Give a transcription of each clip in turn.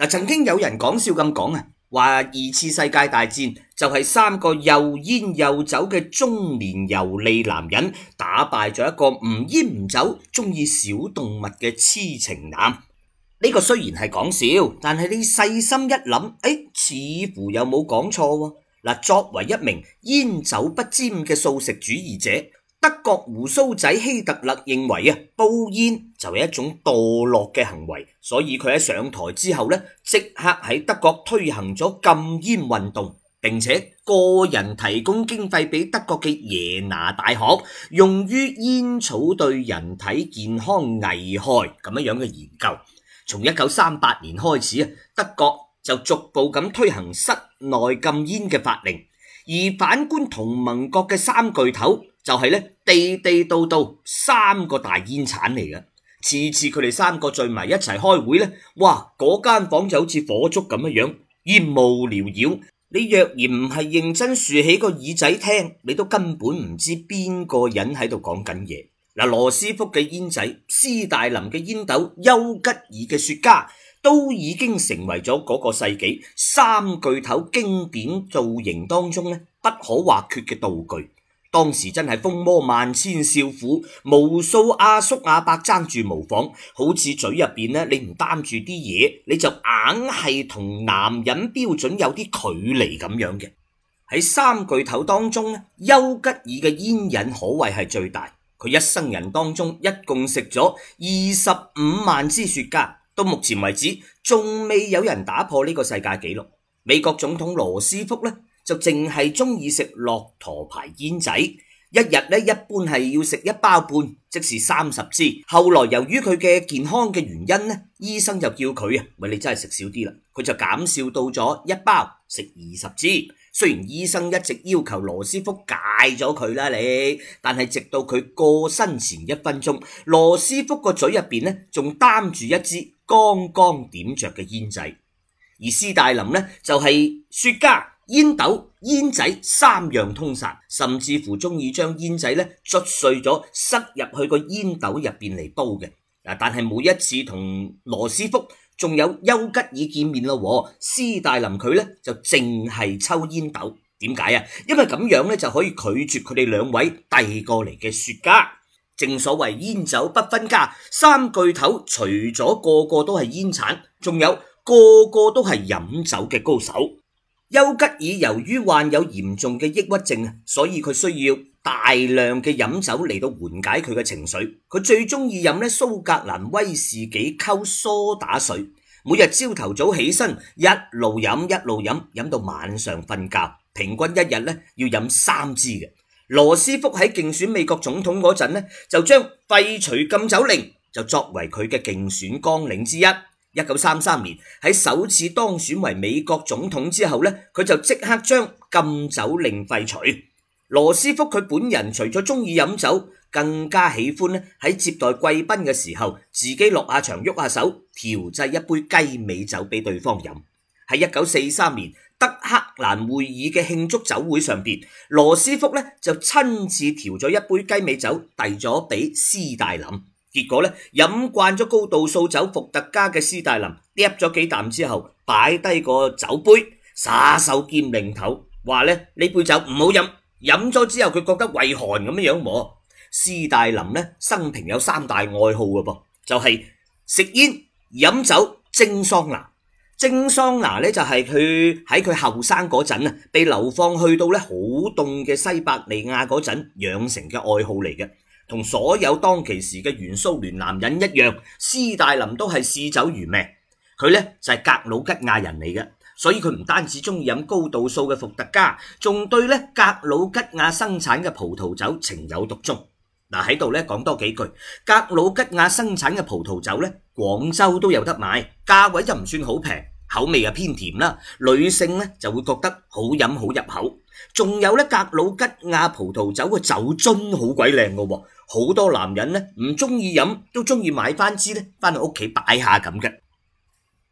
嗱，曾經有人講笑咁講啊，話二次世界大戰就係三個又煙又酒嘅中年油膩男人打敗咗一個唔煙唔酒、中意小動物嘅痴情男。呢、這個雖然係講笑，但係你細心一諗，誒、哎，似乎有冇講錯喎。嗱，作為一名煙酒不沾嘅素食主義者。德國鬍鬚仔希特勒認為啊，煲煙就係一種墮落嘅行為，所以佢喺上台之後咧，即刻喺德國推行咗禁煙運動，並且個人提供經費俾德國嘅耶拿大學，用於煙草對人體健康危害咁樣嘅研究。從一九三八年開始啊，德國就逐步咁推行室內禁煙嘅法令。而反觀同盟國嘅三巨頭。就係咧，地地道道，三個大煙鏟嚟嘅，次次佢哋三個聚埋一齊開會呢，哇！嗰間房就好似火燭咁樣樣，煙霧繚繞。你若然唔係認真豎起個耳仔聽，你都根本唔知邊個人喺度講緊嘢。嗱，羅斯福嘅煙仔，斯大林嘅煙斗，丘吉爾嘅雪茄，都已經成為咗嗰個世紀三巨頭經典造型當中咧不可或缺嘅道具。當時真係風魔萬千少婦，無數阿叔阿伯爭住模仿，好似嘴入邊呢，你唔擔住啲嘢，你就硬係同男人標準有啲距離咁樣嘅。喺三巨頭當中，丘吉爾嘅煙癮可謂係最大，佢一生人當中一共食咗二十五萬支雪茄，到目前為止仲未有人打破呢個世界紀錄。美國總統羅斯福呢？就淨係中意食駱駝牌煙仔，一日咧一般係要食一包半，即是三十支。後來由於佢嘅健康嘅原因咧，醫生就叫佢啊，喂，你真係食少啲啦，佢就減少到咗一包食二十支。雖然醫生一直要求羅斯福戒咗佢啦，你但係直到佢過身前一分鐘，羅斯福個嘴入邊咧仲擔住一支剛剛點着嘅煙仔，而斯大林咧就係雪茄。煙斗、煙仔三樣通殺，甚至乎中意將煙仔咧捽碎咗，塞入去個煙斗入邊嚟煲嘅。嗱，但係每一次同羅斯福仲有丘吉爾見面咯，斯大林佢咧就淨係抽煙斗。點解啊？因為咁樣咧就可以拒絕佢哋兩位遞過嚟嘅雪茄。正所謂煙酒不分家，三巨頭除咗個個都係煙鏟，仲有個個都係飲酒嘅高手。丘吉爾由於患有嚴重嘅抑鬱症，所以佢需要大量嘅飲酒嚟到緩解佢嘅情緒。佢最中意飲咧蘇格蘭威士忌溝蘇打水，每日朝頭早起身一路飲一路飲，飲到晚上瞓覺，平均一日咧要飲三支嘅。羅斯福喺競選美國總統嗰陣呢就將廢除禁酒令就作為佢嘅競選綱領之一。一九三三年喺首次當選為美國總統之後咧，佢就即刻將禁酒令廢除。羅斯福佢本人除咗中意飲酒，更加喜歡咧喺接待貴賓嘅時候，自己落下場喐下手調製一杯雞尾酒俾對方飲。喺一九四三年德克蘭會議嘅慶祝酒會上邊，羅斯福咧就親自調咗一杯雞尾酒遞咗俾斯大林。結果咧，飲慣咗高度數酒伏特加嘅斯大林，嗒咗幾啖之後，擺低個酒杯，耍手兼擰頭話咧：呢你杯酒唔好飲，飲咗之後佢覺得胃寒咁樣樣。斯大林咧，生平有三大愛好嘅噃，就係食煙、飲酒、蒸桑拿。蒸桑拿咧就係佢喺佢後生嗰陣啊，被流放去到咧好凍嘅西伯利亞嗰陣養成嘅愛好嚟嘅。同所有當其時嘅原蘇聯男人一樣，斯大林都係嗜酒如命。佢咧就係格魯吉亞人嚟嘅，所以佢唔單止中意飲高度數嘅伏特加，仲對咧格魯吉亞生產嘅葡萄酒情有獨鍾。嗱，喺度咧講多幾句，格魯吉亞生產嘅葡萄酒咧，廣州都有得買，價位就唔算好平，口味啊偏甜啦，女性咧就會覺得好飲好入口。仲有咧格魯吉亞葡萄酒嘅酒樽好鬼靚嘅，好多男人咧唔中意飲，都中意買翻支咧翻去屋企擺下咁嘅。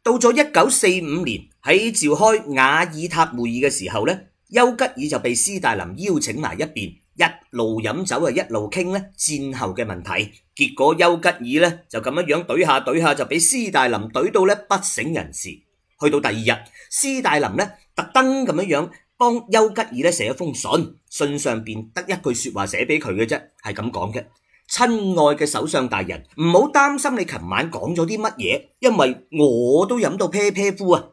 到咗一九四五年喺召開雅爾塔會議嘅時候咧，丘吉爾就被斯大林邀請埋一邊，一路飲酒啊，一路傾咧戰後嘅問題。結果丘吉爾咧就咁樣樣懟下懟下，就俾斯大林懟到咧不省人事。去到第二日，斯大林咧特登咁樣樣。幫丘吉爾咧寫一封信，信上邊得一句說話寫俾佢嘅啫，係咁講嘅。親愛嘅首相大人，唔好擔心你琴晚講咗啲乜嘢，因為我都飲到啤啤夫啊！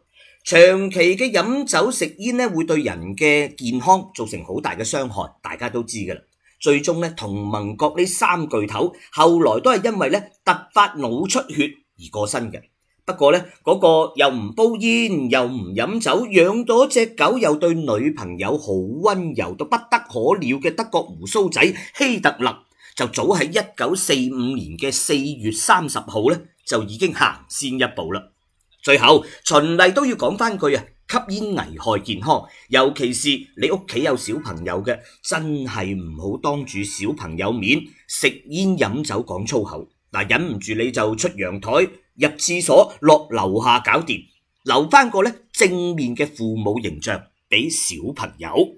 長期嘅飲酒食煙咧，會對人嘅健康造成好大嘅傷害，大家都知噶啦。最終咧，同盟國呢三巨頭後來都係因為咧突發腦出血而過身嘅。不過呢，嗰個又唔煲煙又唔飲酒，養咗隻狗又對女朋友好溫柔，到不得可了嘅德國鬍鬚仔希特勒，就早喺一九四五年嘅四月三十號呢，就已經行先一步啦。最後，循例都要講翻句啊，吸煙危害健康，尤其是你屋企有小朋友嘅，真係唔好當住小朋友面食煙飲酒講粗口嗱，但忍唔住你就出陽台。入廁所，落樓下搞掂，留翻個呢正面嘅父母形象俾小朋友。